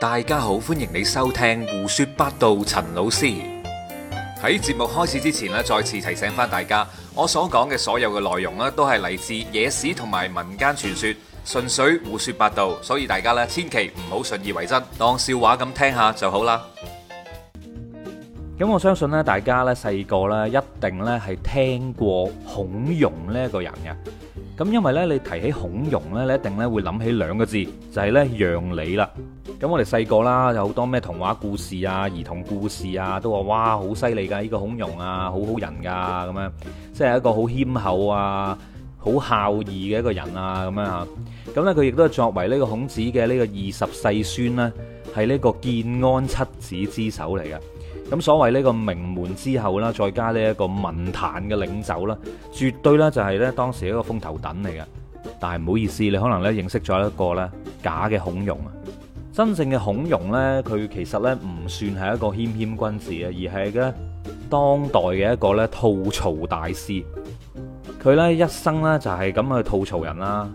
大家好，歡迎你收聽胡說八道。陳老師喺節目開始之前咧，再次提醒翻大家，我所講嘅所有嘅內容咧都係嚟自野史同埋民間傳說，純粹胡說八道，所以大家咧千祈唔好信以為真，當笑話咁聽下就好啦。咁我相信咧，大家咧細個咧一定咧係聽過孔融呢個人嘅。咁，因為呢，你提起孔融呢，你一定咧會諗起兩個字，就係呢讓梨啦。咁我哋細個啦，有好多咩童話故事啊、兒童故事啊，都話哇好犀利㗎！呢、這個孔融啊，好好人㗎咁樣，即係一個好謙厚啊、好孝義嘅一個人啊咁樣吓，咁呢，佢亦都作為呢個孔子嘅呢個二十世孫呢，係呢個建安七子之首嚟嘅。咁所謂呢個名門之後啦，再加呢一個文壇嘅領袖啦，絕對咧就係咧當時一個風頭躉嚟嘅。但係唔好意思，你可能咧認識咗一個咧假嘅孔融啊！真正嘅孔融呢，佢其實呢唔算係一個謙謙君子啊，而係呢當代嘅一個咧吐槽大師。佢咧一生呢就係咁去吐槽人啦。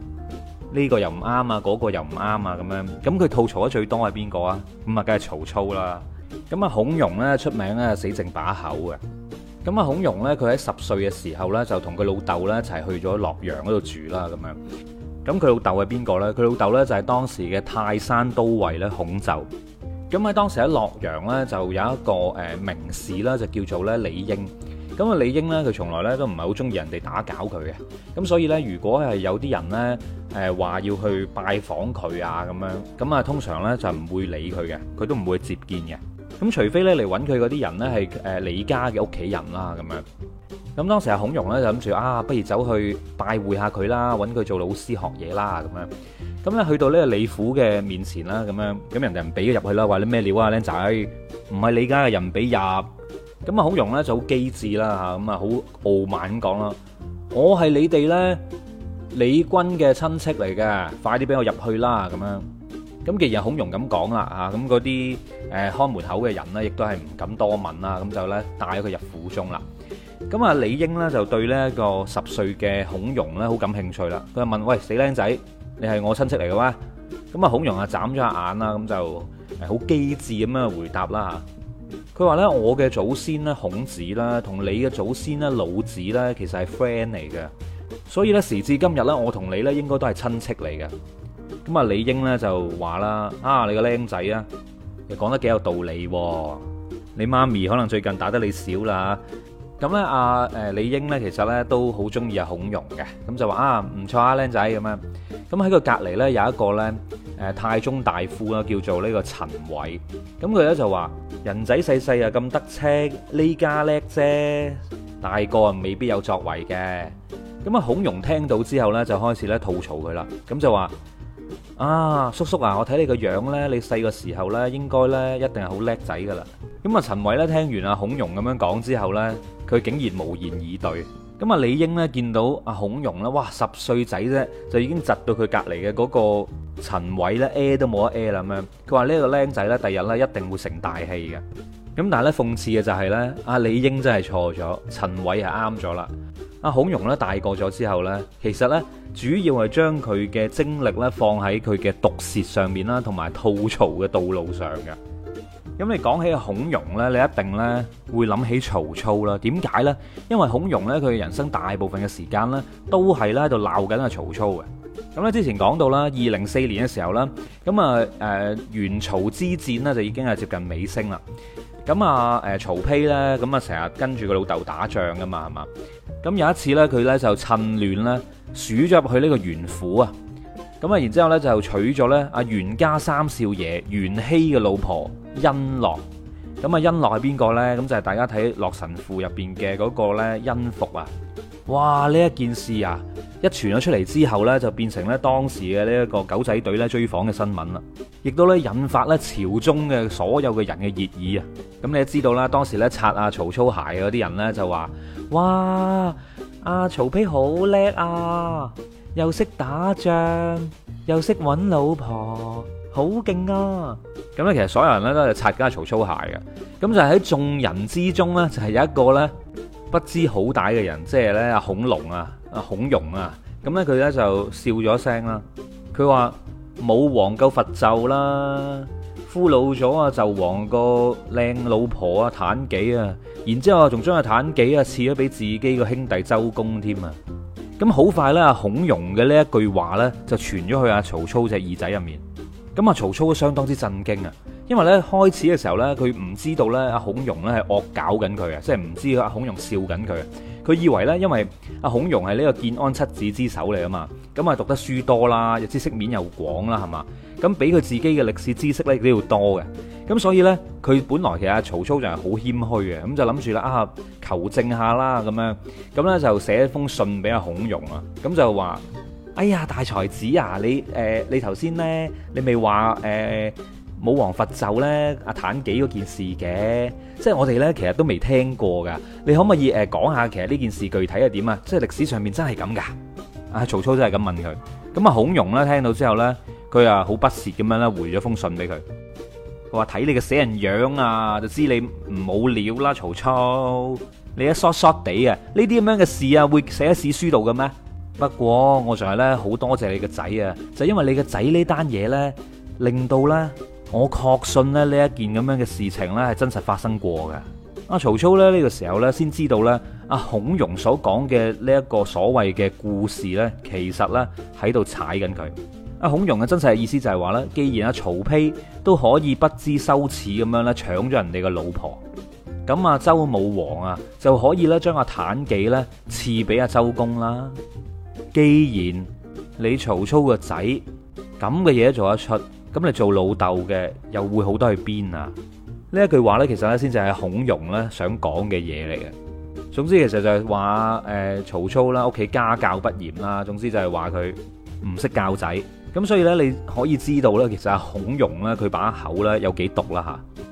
呢、這個又唔啱啊，嗰、那個又唔啱啊，咁樣。咁佢吐槽得最多係邊個啊？咁啊，梗係曹操啦。咁啊，孔融咧出名咧死剩把口嘅。咁啊，孔融咧，佢喺十歲嘅時候咧，呢就同佢老豆咧一齊去咗洛陽嗰度住啦，咁樣。咁佢老豆係邊個咧？佢老豆咧就係當時嘅泰山都尉咧孔宙。咁喺當時喺洛陽咧，就有一個誒名士啦，就叫做咧李英。咁啊，李英咧，佢從來咧都唔係好中意人哋打攪佢嘅。咁所以咧，如果係有啲人咧誒話要去拜訪佢啊，咁樣，咁啊，通常咧就唔會理佢嘅，佢都唔會接見嘅。咁除非咧嚟揾佢嗰啲人咧係誒李家嘅屋企人啦咁樣，咁當時阿孔融咧就諗住啊，不如走去拜會下佢啦，揾佢做老師學嘢啦咁樣，咁咧去到呢李府嘅面前啦咁樣，咁人哋唔俾佢入去啦，話你咩料啊，僆仔，唔係李家嘅人唔俾入，咁啊孔融咧就好機智啦吓，咁啊好傲慢咁講啦，我係你哋咧李軍嘅親戚嚟嘅，快啲俾我入去啦咁樣。咁既然孔融咁講啦，咁嗰啲誒看門口嘅人呢，亦都係唔敢多問啦，咁就呢帶咗佢入府中啦。咁啊，李英呢，就對呢個十歲嘅孔融呢，好感興趣啦。佢就問：喂，死靚仔，你係我親戚嚟嘅咩？咁啊，孔融啊，眨咗下眼啦，咁就誒好機智咁樣回答啦吓，佢話呢，我嘅祖先呢，孔子啦，同你嘅祖先呢，老子呢，其實係 friend 嚟嘅，所以呢，時至今日呢，我同你呢，應該都係親戚嚟嘅。咁啊，李英咧就話啦：啊，你個僆仔啊，你講得幾有道理。你媽咪可能最近打得你少啦。咁咧，阿誒李英咧，其實咧都好中意阿孔融嘅，咁就話啊唔錯啊，僆仔咁樣。咁喺佢隔籬咧有一個咧誒太中大夫啦，叫做呢個陳偉。咁佢咧就話人仔細細啊咁得戚呢家叻啫，大個未必有作為嘅。咁啊，孔融聽到之後咧就開始咧吐槽佢啦，咁就話。啊，叔叔啊，我睇你個樣呢，你細個時候呢，應該呢，一定係好叻仔噶啦。咁啊，陳偉呢，聽完阿孔融咁樣講之後呢，佢竟然無言以對。咁啊，李英呢，見到阿孔融呢，哇，十歲仔啫，就已經窒到佢隔離嘅嗰個陳偉呢 a 都冇得 a 啦咁樣。佢話呢個靚仔呢，第日呢，一定會成大器嘅。咁但係咧、就是，諷刺嘅就係呢，阿李英真係錯咗，陳偉係啱咗啦。啊，孔融咧，大個咗之後呢，其實咧，主要係將佢嘅精力咧，放喺佢嘅毒舌上面啦，同埋吐槽嘅道路上嘅。咁、嗯、你講起孔融呢，你一定咧會諗起曹操啦。點解呢？因為孔融呢，佢人生大部分嘅時間咧都係咧喺度鬧緊阿曹操嘅。咁、嗯、咧之前講到啦，二零四年嘅時候啦，咁啊誒，袁、呃、曹之戰呢，就已經係接近尾聲啦。咁啊誒，曹丕呢，咁啊成日跟住個老豆打仗噶嘛，係嘛？咁有一次咧，佢咧就趁亂咧，鼠咗入去呢個袁府啊。咁啊，然之後咧就娶咗咧阿袁家三少爺袁熙嘅老婆甄洛。咁啊，甄洛係邊個咧？咁就係、是、大家睇《洛神賦》入邊嘅嗰個咧甄宓啊。哇！呢一件事啊，一傳咗出嚟之後呢，就變成咧當時嘅呢一個狗仔隊咧追訪嘅新聞啦，亦都咧引發咧朝中嘅所有嘅人嘅熱議啊！咁你知道啦，當時咧擦阿曹操鞋嗰啲人呢，就話：哇！阿曹丕好叻啊，又識打仗，又識揾老婆，好勁啊！咁咧其實所有人咧都係擦緊阿曹操鞋嘅，咁就喺眾人之中呢，就係有一個呢。不知好歹嘅人，即係咧啊，孔龍啊，啊孔融啊，咁咧佢咧就笑咗聲啦，佢話武王伐紂啦，俘虜咗啊紂王個靚老婆啊妲己啊，然之後仲將啊妲己啊賜咗俾自己個兄弟周公添啊，咁好快咧啊孔融嘅呢一句話咧就傳咗去阿曹操隻耳仔入面，咁啊曹操都相當之震驚啊。因為咧開始嘅時候咧，佢唔知道咧，阿孔融咧係惡搞緊佢啊，即係唔知阿孔融笑緊佢。佢以為咧，因為阿、啊、孔融係呢個建安七子之首嚟啊嘛，咁啊讀得書多啦，又知識面又廣啦，係嘛？咁比佢自己嘅歷史知識咧，都要多嘅。咁所以咧，佢本來其實曹操謙虛就係好謙虛嘅，咁就諗住咧啊，求證下啦，咁樣咁咧就寫一封信俾阿孔融啊，咁就話：哎呀，大才子啊，你誒你頭先咧，你咪話誒。武王伐紂咧，阿、啊、妲己嗰件事嘅，即係我哋咧，其實都未聽過噶。你可唔可以誒講、呃、下，其實呢件事具體係點啊？即係歷史上面真係咁噶？啊，曹操真係咁問佢。咁啊，孔融咧聽到之後咧，佢啊好不屑咁樣咧回咗封信俾佢。佢話睇你嘅死人樣啊，就知你唔好料啦，曹操。你一縮縮地啊，呢啲咁樣嘅事啊，會寫喺史書度嘅咩？不過我仲係咧好多謝你個仔啊，就是、因為你個仔呢單嘢咧，令到咧。我確信咧，呢一件咁樣嘅事情呢，係真實發生過嘅。阿曹操呢，呢個時候呢，先知道呢，阿孔融所講嘅呢一個所謂嘅故事呢，其實呢，喺度踩緊佢。阿孔融嘅真實意思就係話呢，既然阿曹丕都可以不知羞恥咁樣咧搶咗人哋嘅老婆，咁阿周武王啊就可以咧將阿妲己呢，賜俾阿周公啦。既然你曹操個仔咁嘅嘢做得出。咁你做老豆嘅又會好多去邊啊？呢一句話呢，其實呢先至係孔融呢想講嘅嘢嚟嘅。總之其實就係話誒曹操啦，屋企家教不嚴啦，總之就係話佢唔識教仔。咁所以呢，你可以知道呢，其實阿孔融呢，佢把口呢有幾毒啦吓。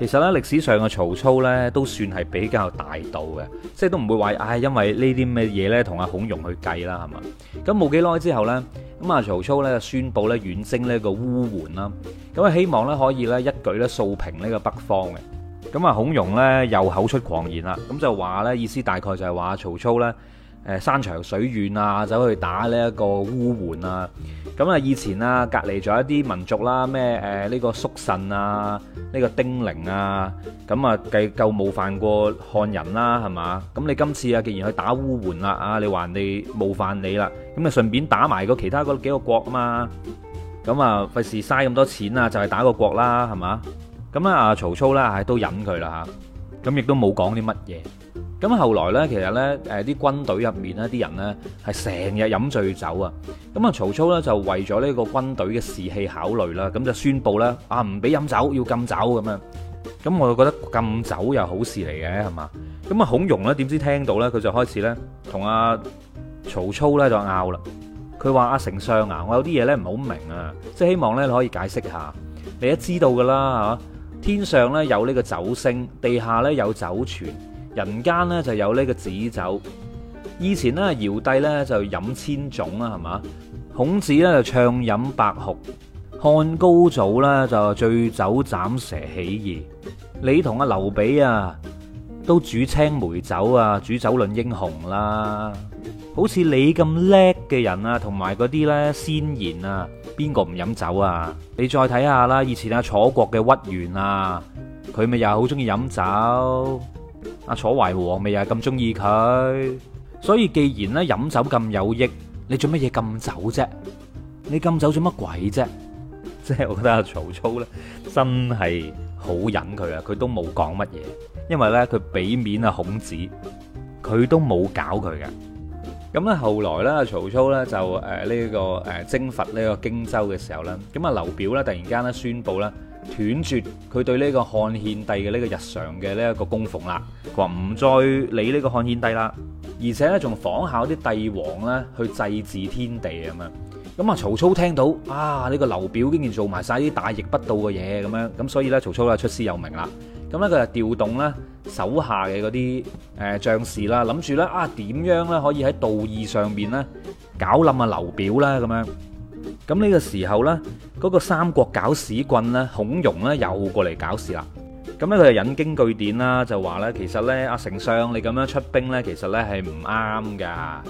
其實咧，歷史上嘅曹操咧，都算係比較大度嘅，即係都唔會話，唉、哎，因為呢啲咩嘢咧，同阿孔融去計啦，係嘛？咁冇幾耐之後咧，咁啊曹操咧就宣佈咧遠征呢個烏桓啦，咁啊希望咧可以咧一舉咧掃平呢個北方嘅。咁啊孔融咧又口出狂言啦，咁就話咧意思大概就係話曹操咧，山長水遠啊，走去打呢一個烏桓啊，咁啊以前啊隔離咗一啲民族啦，咩誒呢個肅慎啊，呢、這個丁零啊，咁啊計夠冒犯過漢人啦，係嘛？咁你今次啊，既然去打烏桓啦，啊你話人哋冒犯你啦，咁啊順便打埋個其他幾幾個國啊嘛，咁啊費事嘥咁多錢啊，就係、是、打個國啦，係嘛？咁啊曹操咧係都忍佢啦，咁亦都冇講啲乜嘢。咁後來呢，其實呢啲軍隊入面呢啲人呢，係成日飲醉酒啊。咁啊，曹操呢，就為咗呢個軍隊嘅士氣考慮啦，咁就宣佈啦啊，唔俾飲酒，要禁酒咁樣。咁我就覺得禁酒又好事嚟嘅，係嘛？咁啊，孔融呢點知聽到呢，佢就開始呢，同阿曹操呢就拗啦。佢話：阿、啊、丞相啊，我有啲嘢呢，唔係好明啊，即係希望呢，你可以解釋下。你都知道噶啦，嚇天上呢，有呢個酒星，地下呢，有酒泉。人間咧就有呢個紫酒，以前咧，堯帝咧就飲千種啊，係嘛？孔子咧就暢飲百斛，漢高祖咧就醉酒斬蛇起義。你同阿劉備啊，都煮青梅酒啊，煮酒論英雄啦、啊。好似你咁叻嘅人啊，同埋嗰啲咧先賢啊，邊個唔飲酒啊？你再睇下啦，以前阿楚國嘅屈原啊，佢咪又係好中意飲酒。阿、啊、楚懷王未又咁中意佢，所以既然咧飲酒咁有益，你做乜嘢禁酒啫？你禁酒做乜鬼啫？即係我覺得阿、啊、曹操咧真係好忍佢啊，佢都冇講乜嘢，因為咧佢俾面阿孔子，佢都冇搞佢嘅。咁咧後來咧，曹操咧就誒呢個誒征伐呢個荊州嘅時候咧，咁啊劉表咧突然間咧宣布咧斷絕佢對呢個漢獻帝嘅呢個日常嘅呢一個供奉啦，佢話唔再理呢個漢獻帝啦，而且咧仲仿效啲帝王咧去祭祀天地咁樣，咁啊曹操聽到啊呢個劉表竟然做埋晒啲大逆不道嘅嘢咁樣，咁所以咧曹操咧出師有名啦。咁咧佢就調動咧。手下嘅嗰啲誒將士啦，諗住咧啊，點樣咧可以喺道義上邊咧搞冧阿劉表啦咁樣。咁呢個時候咧，嗰個三國搞屎棍咧，孔融咧又過嚟搞事啦。咁咧佢就引經據典啦，就話咧其實咧阿丞相你咁樣出兵咧，其實咧係唔啱噶。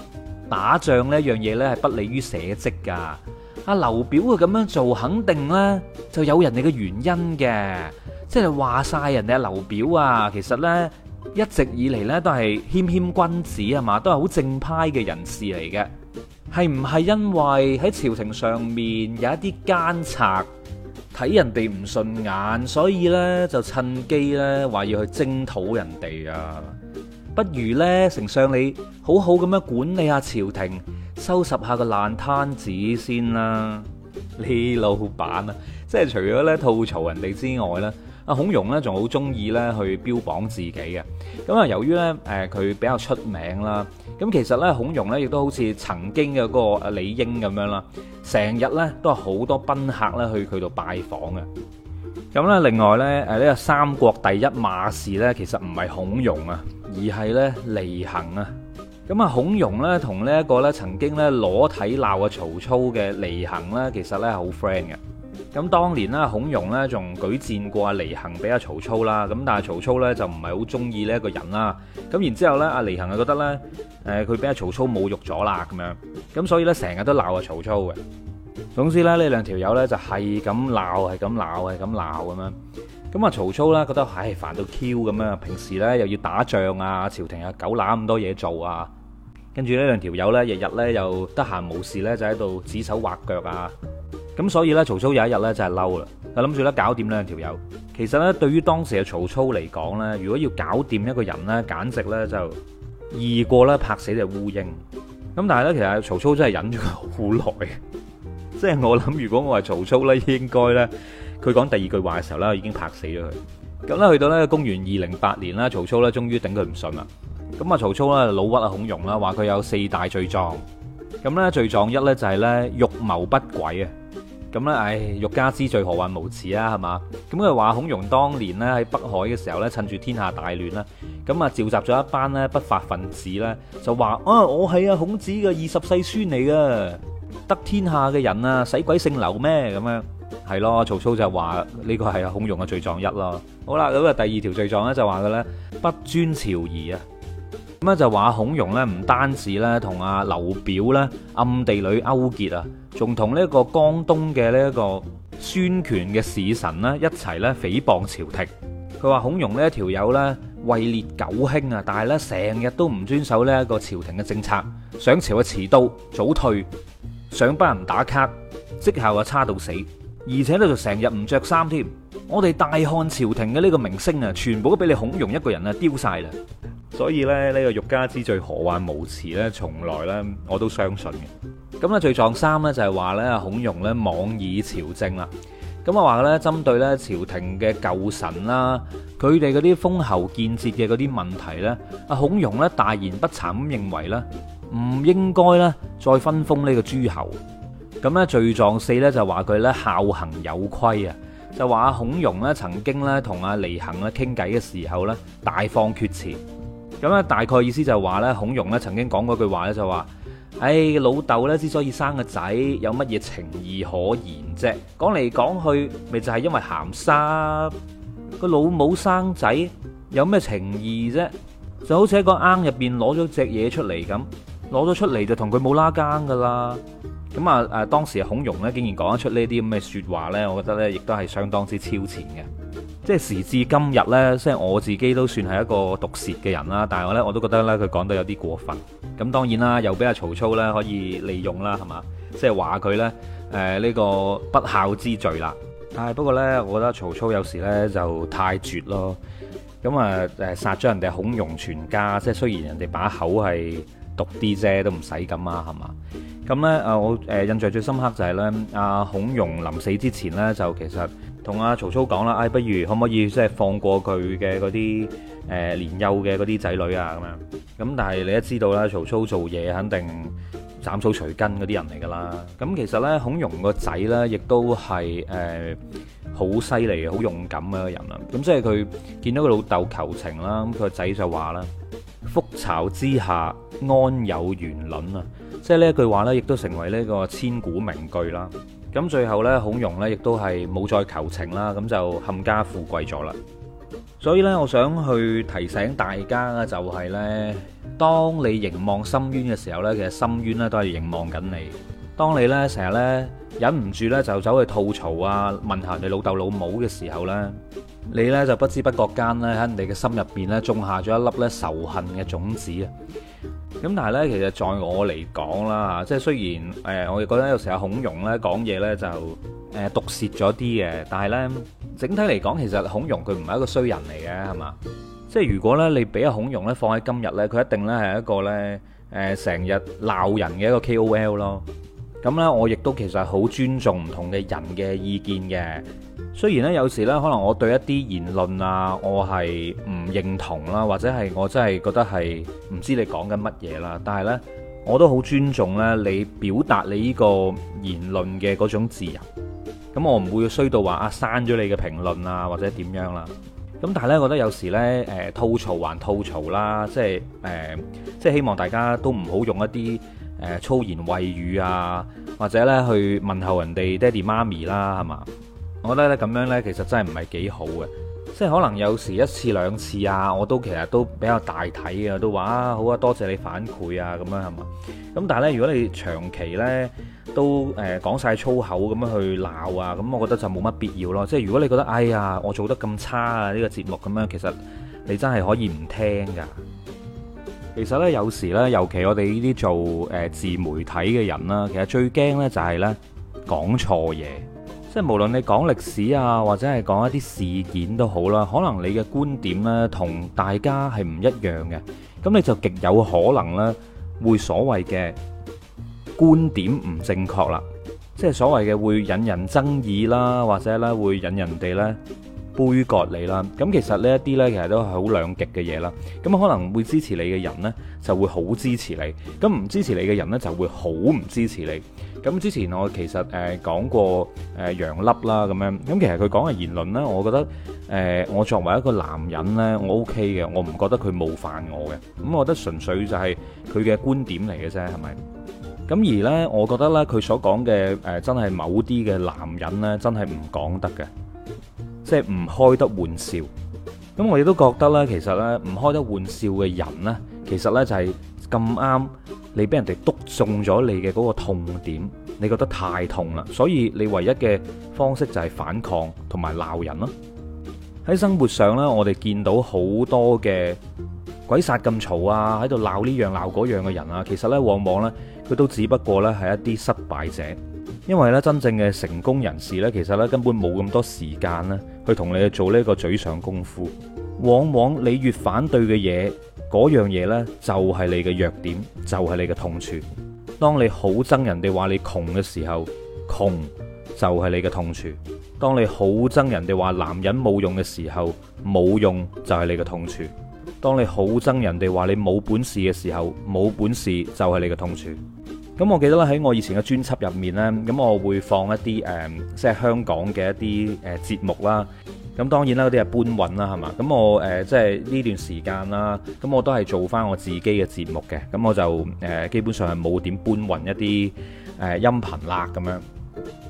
打仗呢樣嘢咧係不利於社稷噶。阿劉表佢咁樣做肯定咧就有人哋嘅原因嘅。即係話晒人哋阿劉表啊，其實呢，一直以嚟呢，都係謙謙君子係嘛，都係好正派嘅人士嚟嘅。係唔係因為喺朝廷上面有一啲奸賊睇人哋唔順眼，所以呢，就趁機呢話要去徵討人哋啊？不如呢，丞相你好好咁樣管理下朝廷，收拾下個爛攤子先啦。你老闆啊，即係除咗呢吐槽人哋之外呢。啊，孔融咧仲好中意咧去標榜自己嘅，咁啊由於咧誒佢比較出名啦，咁其實咧孔融咧亦都好似曾經嘅嗰個李英咁樣啦，成日咧都係好多賓客咧去佢度拜訪嘅。咁咧另外呢，誒呢個三國第一馬氏呢，其實唔係孔融啊，而係呢禰衡啊。咁啊孔融呢，同呢一個咧曾經咧裸體鬧嘅曹操嘅禰衡呢，其實呢係好 friend 嘅。咁當年咧，孔融咧仲舉薦過阿禰衡俾阿曹操啦，咁但係曹操咧就唔係好中意呢一個人啦。咁然之後咧，阿禰衡就覺得咧，誒佢俾阿曹操侮，侮辱咗啦，咁樣，咁所以咧成日都鬧阿曹操嘅。總之咧，呢兩條友咧就係咁鬧，係咁鬧，係咁鬧咁樣。咁啊，曹操咧覺得唉煩到 Q 咁樣，平時咧又要打仗啊，朝廷啊，狗乸咁多嘢做啊，跟住呢兩條友咧日日咧又得閒冇事咧就喺度指手畫腳啊。咁所以呢，曹操有一日呢就係嬲啦，就諗住咧搞掂呢條友。其實呢，對於當時嘅曹操嚟講呢，如果要搞掂一個人呢，簡直呢就易過咧拍死隻烏蠅。咁但係呢，其實曹操真係忍咗好耐。即 係我諗，如果我係曹操呢，應該呢，佢講第二句話嘅時候呢，已經拍死咗佢。咁呢，去到呢，公元二零八年啦，曹操呢終於頂佢唔順啦。咁啊，曹操呢，老屈啊，孔融啦，話佢有四大罪狀。咁呢，罪狀一呢就係呢，欲謀不軌啊。咁咧，唉、哎，欲加之罪，何患無辭啊，係嘛？咁佢話孔融當年咧喺北海嘅時候咧，趁住天下大亂啦，咁啊召集咗一班咧不法分子咧，就話啊我係啊孔子嘅二十世孫嚟噶，得天下嘅人啊，使鬼姓劉咩？咁樣係咯，曹操就話呢個係孔融嘅罪狀一咯。好啦，咁啊第二條罪狀咧就話佢咧，不尊朝儀啊。咁咧就話孔融咧唔單止咧同阿劉表咧暗地裏勾結啊，仲同呢一個江東嘅呢一個孫權嘅使臣呢一齊咧誹謗朝廷。佢話孔融呢一條友咧位列九卿啊，但係咧成日都唔遵守呢一個朝廷嘅政策，上朝啊遲到早退，上班唔打卡，績效啊差到死，而且咧就成日唔着衫添。我哋大漢朝廷嘅呢個名聲啊，全部都俾你孔融一個人啊丟晒啦！所以咧，呢個欲加之罪，何患無辭呢，從來呢，我都相信嘅。咁咧，罪狀三呢，就係話呢，孔融呢，妄以朝政啦。咁啊話呢針對呢朝廷嘅舊臣啦，佢哋嗰啲封侯建節嘅嗰啲問題呢，阿孔融呢，大言不慚咁認為呢，唔應該呢，再分封呢個諸侯。咁呢，罪狀四呢，就話佢呢，孝行有虧啊，就話孔融呢，曾經呢，同阿離衡咧傾偈嘅時候呢，大放厥詞。咁咧大概意思就係話咧，孔融咧曾經講過句話咧就話：，唉、哎，老豆咧之所以生個仔，有乜嘢情義可言啫？講嚟講去，咪就係、是、因為鹹濕。個老母生仔有咩情義啫？就好似喺個罌入邊攞咗隻嘢出嚟咁，攞咗出嚟就同佢冇拉更噶啦。咁啊誒、啊，當時孔融咧竟然講得出呢啲咁嘅說話呢，我覺得呢亦都係相當之超前嘅。即係時至今日呢，即係我自己都算係一個毒舌嘅人啦。但係我呢我都覺得呢，佢講得有啲過分。咁當然啦，又俾阿曹操呢可以利用啦，係嘛？即係話佢呢，呢、呃呢個不孝之罪啦。但係不過呢，我覺得曹操有時呢就太絕咯。咁啊誒，殺咗人哋孔融全家，即係雖然人哋把口係毒啲啫，都唔使咁啊，係嘛？咁呢，我印象最深刻就係、係、呢，阿、啊、孔融臨死之前呢，就其實，同阿曹操講啦，唉、哎，不如可唔可以即係放過佢嘅嗰啲年幼嘅嗰啲仔女啊咁樣？咁但係你都知道啦，曹操做嘢肯定斬草除根嗰啲人嚟㗎啦。咁其實呢，孔融個仔呢亦都係好犀利、好、呃、勇敢嘅個人啦。咁即係佢見到個老豆求情啦，咁佢個仔就話啦：覆巢之下，安有完卵啊！即係呢句話呢，亦都成為呢個千古名句啦。咁最後呢，孔融呢亦都係冇再求情啦，咁就冚家富貴咗啦。所以呢，我想去提醒大家呢，就係呢，當你凝望深淵嘅時候呢，其實深淵呢都係凝望緊你。當你呢成日呢，忍唔住呢就走去吐槽啊，問下你老豆老母嘅時候呢，你呢就不知不覺間呢，喺你嘅心入邊呢，種下咗一粒呢仇恨嘅種子啊！咁但係咧，其實在我嚟講啦，即係雖然誒，我亦覺得有時候孔融咧講嘢咧就誒毒舌咗啲嘅，但係咧整體嚟講，其實孔融佢唔係一個衰人嚟嘅，係嘛？即係如果咧你俾阿孔融咧放喺今日咧，佢一定咧係一個咧誒成日鬧人嘅一個 KOL 咯。咁咧，我亦都其實好尊重唔同嘅人嘅意見嘅。雖然咧，有時咧，可能我對一啲言論啊，我係唔認同啦，或者係我真係覺得係唔知你講緊乜嘢啦。但係呢，我都好尊重咧你表達你呢個言論嘅嗰種自由。咁我唔會衰到話啊刪咗你嘅評論啊或者點樣啦。咁但係咧，我覺得有時呢，誒吐槽還吐槽啦，即係誒即係希望大家都唔好用一啲。粗言穢語啊，或者咧去問候人哋爹哋媽咪啦，係嘛？我覺得咧咁樣呢，其實真係唔係幾好嘅，即係可能有時一次兩次啊，我都其實都比較大體嘅啊，都話啊好啊，多謝你反饋啊，咁樣係嘛？咁但係咧，如果你長期呢都誒講晒粗口咁樣去鬧啊，咁我覺得就冇乜必要咯。即係如果你覺得哎呀我做得咁差啊呢個節目咁樣，其實你真係可以唔聽㗎。其實咧，有時咧，尤其我哋呢啲做誒自媒體嘅人啦，其實最驚咧就係咧講錯嘢，即係無論你講歷史啊，或者係講一啲事件都好啦，可能你嘅觀點咧同大家係唔一樣嘅，咁你就極有可能咧會所謂嘅觀點唔正確啦，即係所謂嘅會引人爭議啦，或者咧會引人哋咧。杯葛你啦，咁其實呢一啲呢，其實都係好兩極嘅嘢啦。咁可能會支持你嘅人呢，就會好支持你；咁唔支持你嘅人呢，就會好唔支持你。咁之前我其實誒、呃、講過誒、呃、楊笠啦，咁樣，咁其實佢講嘅言論呢，我覺得誒、呃、我作為一個男人呢，我 OK 嘅，我唔覺得佢冒犯我嘅。咁我覺得純粹就係佢嘅觀點嚟嘅啫，係咪？咁而呢，我覺得呢，佢所講嘅、呃、真係某啲嘅男人呢，真係唔講得嘅。即係唔開得玩笑，咁我亦都覺得呢，其實呢，唔開得玩笑嘅人呢，其實呢，就係咁啱你俾人哋篤中咗你嘅嗰個痛點，你覺得太痛啦，所以你唯一嘅方式就係反抗同埋鬧人咯。喺生活上呢，我哋見到好多嘅鬼殺咁嘈啊，喺度鬧呢樣鬧嗰樣嘅人啊，其實呢，往往呢，佢都只不過呢係一啲失敗者。因為咧，真正嘅成功人士咧，其實咧根本冇咁多時間咧，去同你做呢個嘴上功夫。往往你越反對嘅嘢，嗰樣嘢呢，就係你嘅弱點，就係你嘅痛處。當你好憎人哋話你窮嘅時候，窮就係你嘅痛處；當你好憎人哋話男人冇用嘅時候，冇用就係你嘅痛處；當你好憎人哋話你冇本事嘅時候，冇本事就係你嘅痛處。咁我記得咧喺我以前嘅專輯入面呢，咁我會放一啲、呃、即係香港嘅一啲誒節目啦。咁當然啦，嗰啲係搬運啦，係嘛？咁我誒、呃、即係呢段時間啦，咁我都係做翻我自己嘅節目嘅。咁我就誒、呃、基本上係冇點搬運一啲誒、呃、音頻啦咁樣。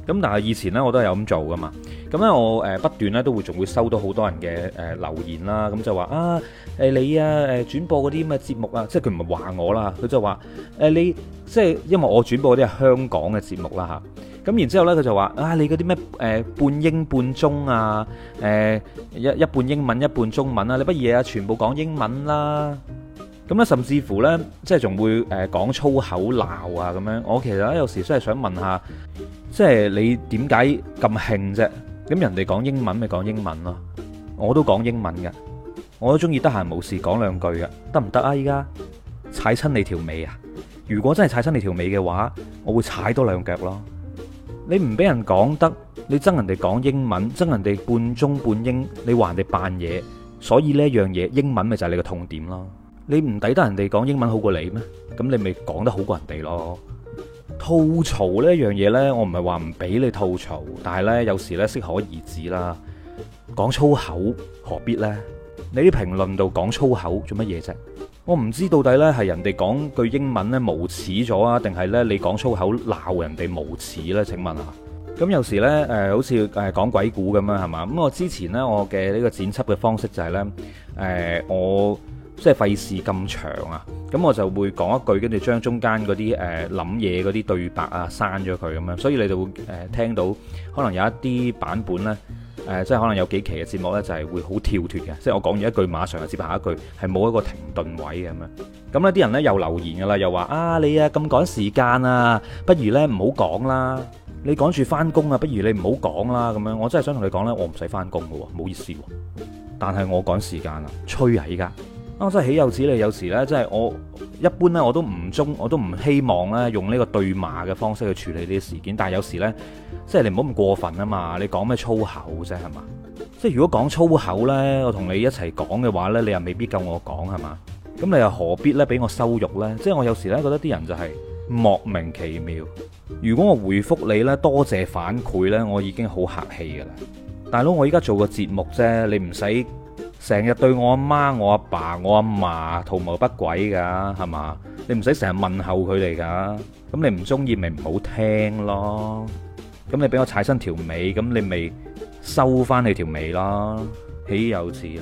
咁但係以前呢，我都係有咁做㗎嘛。咁呢，我、呃、誒不斷呢都會仲會收到好多人嘅誒、呃、留言啦。咁就話啊，誒、啊、你啊，誒轉播嗰啲咩節目啊，即係佢唔係話我啦、啊，佢就話誒、啊、你即係因為我轉播嗰啲係香港嘅節目啦、啊、嚇。咁然之後呢，佢就話啊，你嗰啲咩誒半英半中啊，誒、呃、一一半英文一半中文啦、啊，你不如啊全部講英文啦。咁甚至乎呢，即係仲會呃、講粗口鬧啊，咁樣。我其實咧有時真係想問下，即係你點解咁興啫？咁人哋講英文咪講英文咯，我都講英文嘅，我都中意得閒冇事講兩句嘅，得唔得啊？依家踩親你條尾啊！如果真係踩親你條尾嘅話，我會踩多兩腳咯。你唔俾人講得，你憎人哋講英文，憎人哋半中半英，你話人哋扮嘢，所以呢樣嘢英文咪就係你個痛點咯。你唔抵得人哋講英文好過你咩？咁你咪講得好過人哋咯。吐槽呢樣樣嘢呢，我唔係話唔俾你吐槽，但係呢，有時呢，適可而止啦。講粗口何必呢？你啲評論度講粗口做乜嘢啫？我唔知到底呢係人哋講句英文呢無恥咗啊，定係呢？你講粗口鬧人哋無恥呢？請問啊？咁有時呢，好似誒講鬼故咁樣係嘛？咁我之前呢，我嘅呢個剪輯嘅方式就係、是、呢、呃。我。即係費事咁長啊，咁我就會講一句，跟住將中間嗰啲誒諗嘢嗰啲對白啊刪咗佢咁樣，所以你就會誒、呃、聽到可能有一啲版本呢，誒、呃，即係可能有幾期嘅節目呢，就係、是、會好跳脱嘅，即係我講完一句馬上又接下一句，係冇一個停頓位嘅咁啊。咁呢啲人呢，又留言噶啦，又話啊你啊咁趕時間啊，不如呢唔好講啦，你趕住翻工啊，不如你唔好講啦咁樣。我真係想同你講呢，我唔使翻工嘅喎，唔好意思喎、啊，但係我趕時間啊，吹啊依家。我真係豈有此理，你有時咧，即係我一般咧，我都唔中，我都唔希望咧，用呢個對罵嘅方式去處理呢啲事件。但係有時咧，即係你唔好咁過分啊嘛！你講咩粗口啫係嘛？即係如果講粗口咧，我同你一齊講嘅話咧，你又未必夠我講係嘛？咁你又何必咧俾我羞辱咧？即係我有時咧覺得啲人就係莫名其妙。如果我回覆你咧，多謝反饋咧，我已經好客氣㗎啦，大佬。我依家做個節目啫，你唔使成日對我阿媽、我阿爸、我阿嫲圖謀不軌㗎，係嘛？你唔使成日問候佢哋㗎，咁你唔中意咪唔好聽咯。咁你俾我踩身條尾，咁你咪收翻你條尾咯，豈有此理！